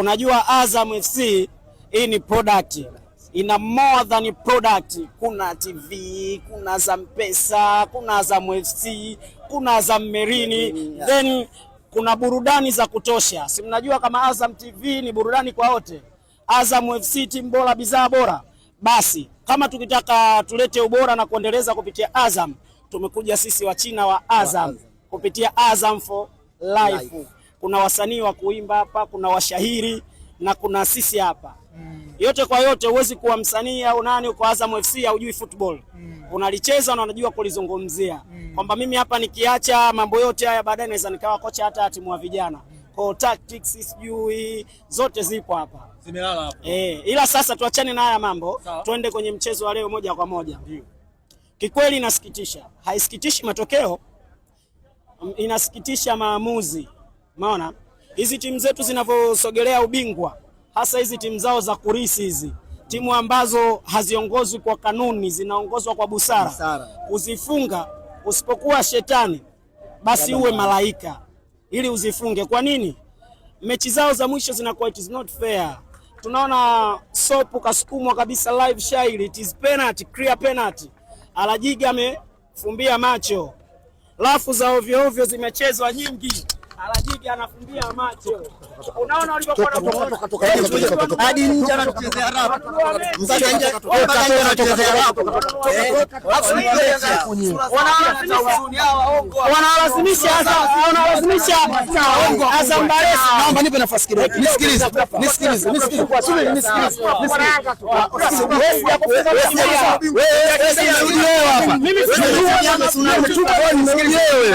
unajua Azam FC hii ni product ina more than product. Kuna TV, kuna Azam Pesa, kuna Azam FC, kuna Azam Merini yeah. Then kuna burudani za kutosha, si mnajua kama Azam TV ni burudani kwa wote, Azam FC timu bora, bidhaa bora. Basi kama tukitaka tulete ubora na kuendeleza kupitia Azam, tumekuja sisi wa China wa Azam kupitia Azam for life, life kuna wasanii wa kuimba hapa, kuna washahiri na kuna sisi hapa mm. Yote kwa yote, huwezi kuwa msanii au nani uko Azam FC au hujui football mm. Unalicheza na unajua kulizungumzia mm. Kwamba mimi hapa nikiacha mambo yote haya, baadaye naweza nikawa kocha hata timu ya vijana mm. kwa tactics sijui zote zipo hapa zimelala hapo eh, ila sasa tuachane na haya mambo Sao. Tuende kwenye mchezo wa leo moja kwa moja. Ndiyo. Kikweli inasikitisha, haisikitishi matokeo, inasikitisha maamuzi Maona hizi timu zetu zinavyosogelea ubingwa, hasa hizi timu zao za kurisi hizi timu ambazo haziongozwi kwa kanuni, zinaongozwa kwa busara, busara. Uzifunga usipokuwa shetani basi uwe malaika ili uzifunge. Kwa nini? Mechi zao za mwisho zinakuwa it is not fair. Tunaona sopu kasukumwa kabisa live shairi, it is penalty, clear penalty. Alajiga amefumbia macho, lafu za ovyo ovyo zimechezwa nyingi. Alajidi anafumbia macho. Unaona ulivyokuwa hadi nje anatuchezea rap. Msanii nje mpaka nje anatuchezea rap. Wanalazimisha hasa wanalazimisha hasa Mbaresi. Naomba nipe nafasi kidogo. Nisikilize. Nisikilize. Nisikilize. Wewe hapa. Mimi sijui wewe.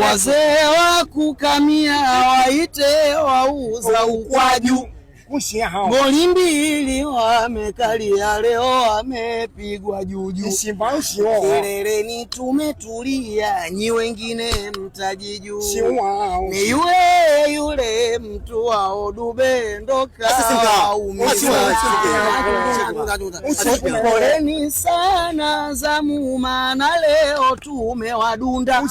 wazee wa kukamia waite wauza ukwaju Goli mbili wamekalia leo, wamepigwa juju. ni tumetulia, nyi wengine mtajiju. Ni yule yule mtu wao Dube ndoka Poleni sana zamu, maana leo tumewadunda.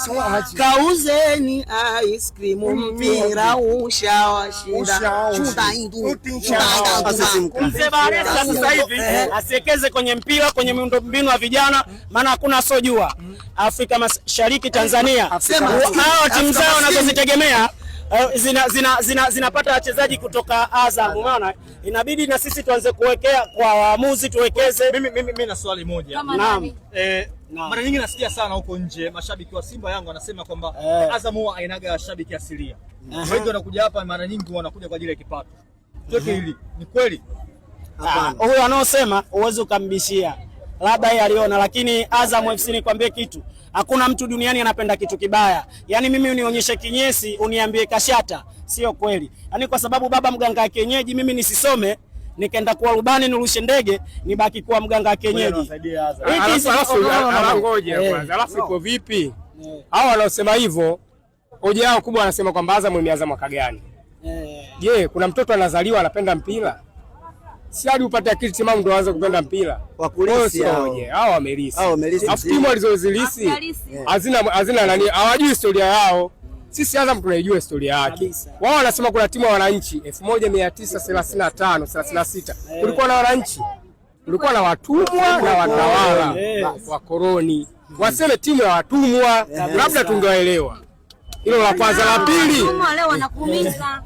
Kauzeni ice cream, mm, mpira mm. ushawashinda mzee Baresa sasa hivi asiwekeze kwenye mpira, kwenye miundombinu ya vijana, maana hakuna asojua Afrika Mashariki Tanzania, hawa timu zao wanazozitegemea zinapata eh, zina, zina, zina wachezaji kutoka Azam, maana inabidi na sisi tuanze kuwekea kwa waamuzi tuwekeze. Mimi mimi mimi na swali moja. Naam. Eh, mara nyingi nasikia sana huko nje mashabiki wa Simba yangu wanasema kwamba eh, Azam huwa ainaga shabiki asilia. Eh. Wengi wanakuja hapa mara nyingi wanakuja kwa ajili ya kipato. Zote mhm. hili ni kweli? Hapana. Ah, Huyo anaosema uweze ukambishia labda yeye aliona, lakini Azam FC nikwambie kitu, hakuna mtu duniani anapenda kitu kibaya. Yaani mimi unionyeshe kinyesi uniambie kashata, sio kweli. Yaani kwa sababu baba mganga wa kienyeji, mimi nisisome nikaenda kuwa rubani nirushe ndege nibaki kuwa mganga wa kienyeji. Eh. Alafu iko vipi? Eh. Hao wanaosema hivyo hoja yao kubwa, wanasema kwamba Azam imeanza mwaka gani? Eh. Je, kuna mtoto anazaliwa anapenda mpira? Si hadi upate akili timamu ndo aanze kupenda mpira. Wakulisi hao wamelisi. Hao wamelisi. Afu timu alizozilisi eh. hazina hazina nani, hawajui historia yao. Sisi Azam tunaijua historia yake. Wao wanasema kuna timu ya wananchi 1935 36. Eh. Kulikuwa na wananchi, kulikuwa na watumwa na watawala eh. wa koloni. Waseme timu ya watumwa, labda tungewaelewa. Hilo la kwanza. La pili, watumwa leo wanakuumiza